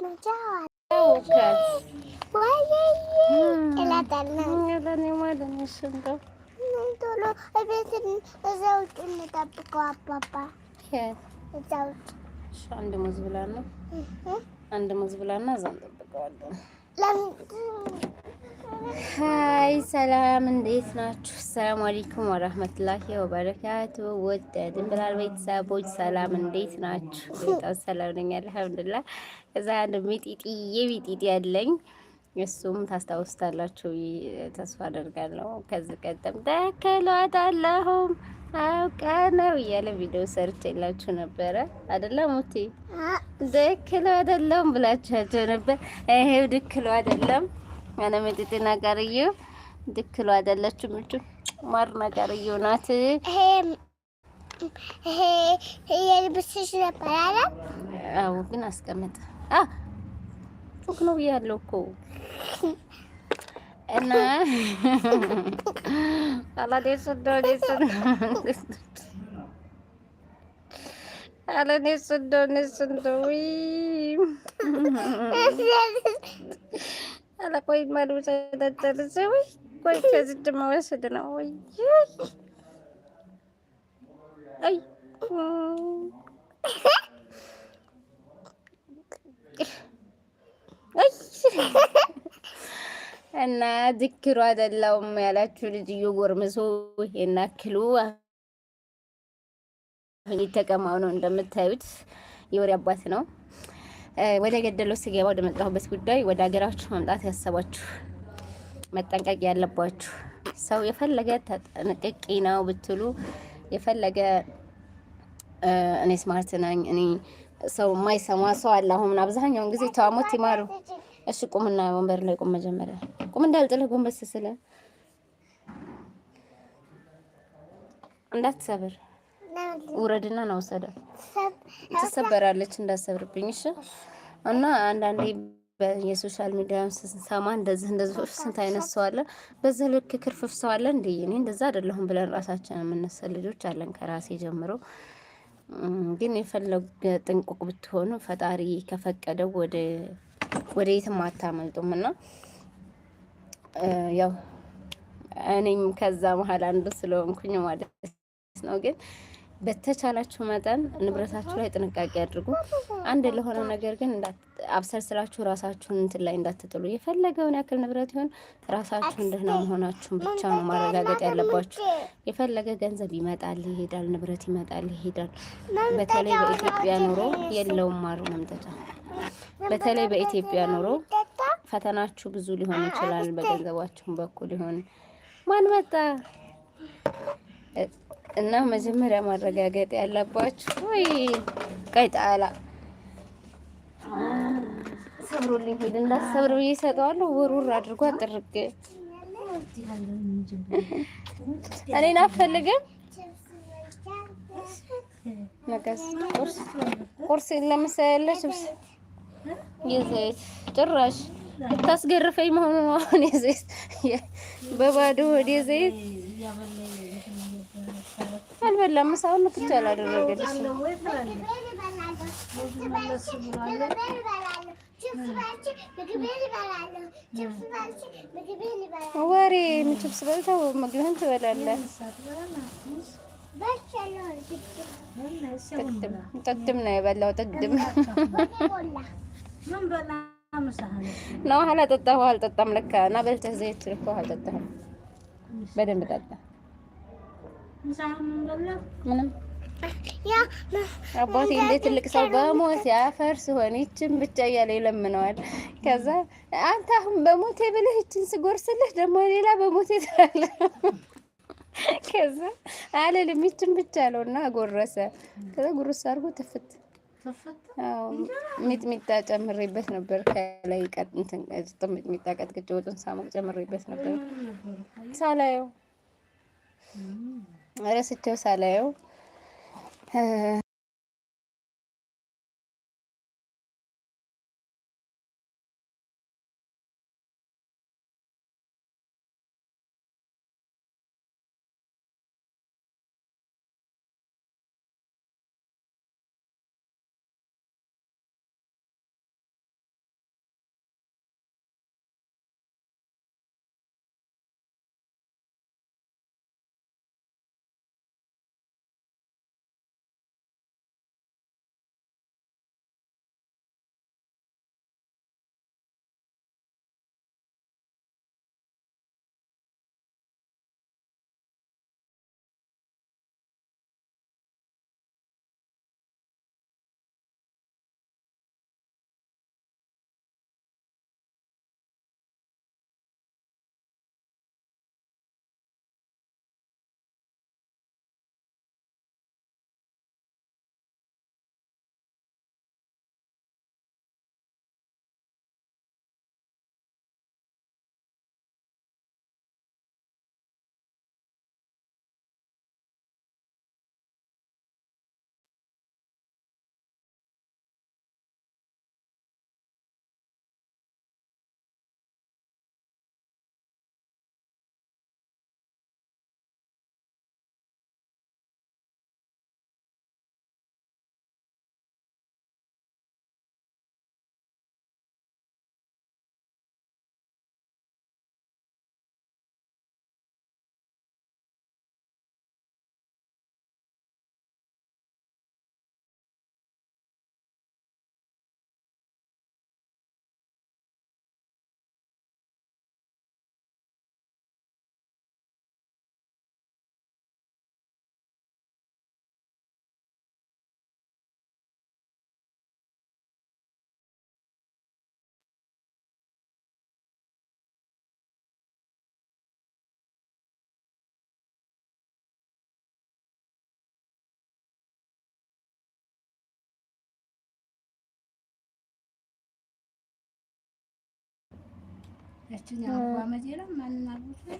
ስናጫዋል ቶሎ እቤት እዛ ውጭ እንጠብቀው። አባባ እዛ ውጭ አንድ ሙዝ ብላና እዛ እንጠብቀዋለን። ሀይ ሰላም፣ እንዴት ናችሁ? ሰላም አለይኩም ወረህመቱላሂ ወበረካቱ። ወደ ድንብላል ቤተሰቦች ሰላም፣ እንዴት ናችሁ? በጣም ሰላም ነኝ አልሐምዱሊላህ። እዛ አንድ ሚጢጢዬ ሚጢጢ ያለኝ እሱም ታስታውስታላችሁ ተስፋ አደርጋለሁ። ከዚህ ቀደም ተከሏት አለሁም አውቃ ነው እያለ ቪዲዮ ሰርች ነበረ አይደለም? ሙቲ ደክሎ አይደለም ብላችኋቸው ነበር። ይሄው ድክሎ አይደለም ያለምጥጥ ነገርዬ ድክሉ አይደለችም። እጁ ማር ነገርዬ ናት። ይሄ ይሄ የልብስሽ ነበር አለ። አዎ፣ ግን አስቀምጥ። አ ፉክ ነው ያለው እኮ እና አላደሱ ዶዲሱ አለኔ ስንዶ ነስንዶ ኧረ ቆይ ማዶዛ ይዳዳልዘ ወይ ቆይ ከዝድ መወሰድ ነው ወይ? አይ እና ዝክሩ አይደለውም ያላችሁ ልጅዮ ጎርምሶ የናክሉ ተቀማው ነው እንደምታዩት የወሬ አባት ነው። ወደ ገደለው ስገባ ወደ መጣሁበት ጉዳይ ወደ ሀገራችሁ መምጣት ያሰባችሁ መጠንቀቅ ያለባችሁ ሰው የፈለገ ተጠንቅቂ ነው ብትሉ የፈለገ እኔ ስማርት ነኝ እኔ ሰው የማይሰማ ሰው አለ። አሁን አብዛኛውን ጊዜ ተዋሞት ይማሩ። እሺ ቁምና ወንበር ላይ ቁም። መጀመሪያ ቁም እንዳልጥልህ ጎንበስ ስለ እንዳትሰብር ውረድና ነው ወሰዳት ትሰበራለች። እንዳሰብርብኝ እሺ። እና አንዳንዴ የሶሻል ሚዲያ ስንሰማ እንደዚህ እንደዚህ ስንት አይነት ሰው አለ፣ በዚህ ልክ ክርፍፍ ሰው አለ። እንደ እኔ እንደዛ አይደለሁም ብለን ራሳችን የምንሰል ልጆች አለን። ከራሴ ጀምሮ ግን የፈለገ ጥንቁቅ ብትሆኑ ፈጣሪ ከፈቀደው ወደ ወደ የትም አታመልጡም እና ያው እኔም ከዛ መሀል አንዱ ስለሆንኩኝ ማለት ነው ግን በተቻላችሁ መጠን ንብረታችሁ ላይ ጥንቃቄ አድርጉ። አንድ ለሆነ ነገር ግን አብሰር ስላችሁ ራሳችሁን እንትን ላይ እንዳትጥሉ። የፈለገውን ያክል ንብረት ይሆን ራሳችሁ ደህና መሆናችሁን ብቻ ነው ማረጋገጥ ያለባችሁ። የፈለገ ገንዘብ ይመጣል ይሄዳል፣ ንብረት ይመጣል ይሄዳል። በተለይ በኢትዮጵያ ኑሮ የለውም ማር መምጠጫ። በተለይ በኢትዮጵያ ኑሮ ፈተናችሁ ብዙ ሊሆን ይችላል። በገንዘባችሁን በኩል ይሆን ማን መጣ እና መጀመሪያ ማረጋገጥ ያለባችሁ ወይ ቀይ ጣላ ሰብሮልኝ ሄድ እንዳሰብር ብዬ እሰጠዋለሁ። ውርውር አድርጎ አጥርቅ እኔን አፈልግም። ነገስ ቁርስ ቁርስ ለምሳሌ ልብስ የዘይት ጭራሽ ልታስገርፈኝ መሆኑ አሁን የዘይት በባዶ ወደ ዘይት አልበላም። ምሳውን ክትቻ አላደረገልሽ። ወሬ ችብስ በልተው ምግብህን ትበላለህ። ጥግድም ነው የበላው። ጥግድም ነው። አልጠጣሁም አልጠጣም። ለካ እና በልተህ ዘይት እኮ አልጠጣህም። በደንብ ጠጣ ምንም አባቴ እንደ ትልቅ ሰው በሞት ያፈር ሲሆን ይችን ብቻ እያለ ይለምነዋል። ከዛ አንተ አሁን በሞቴ ብልህ ይችን ስጎርስልህ ደግሞ ሌላ በሞቴ ትላለህ። ከዛ አለልም ይችን ብቻ አለው እና ጎረሰ። ከዛ ጉርስ አድርጎ ትፍት ሚጥሚጣ ጨምሬበት ነበር። ከላይ ሚጥሚጣ ቀጥቅጬ ወጡን ሳሞቅ ጨምሬበት ነበር ሳላየው ረስቼው ሳላየው ያችን አባ መዜላ ማንን አግብቶ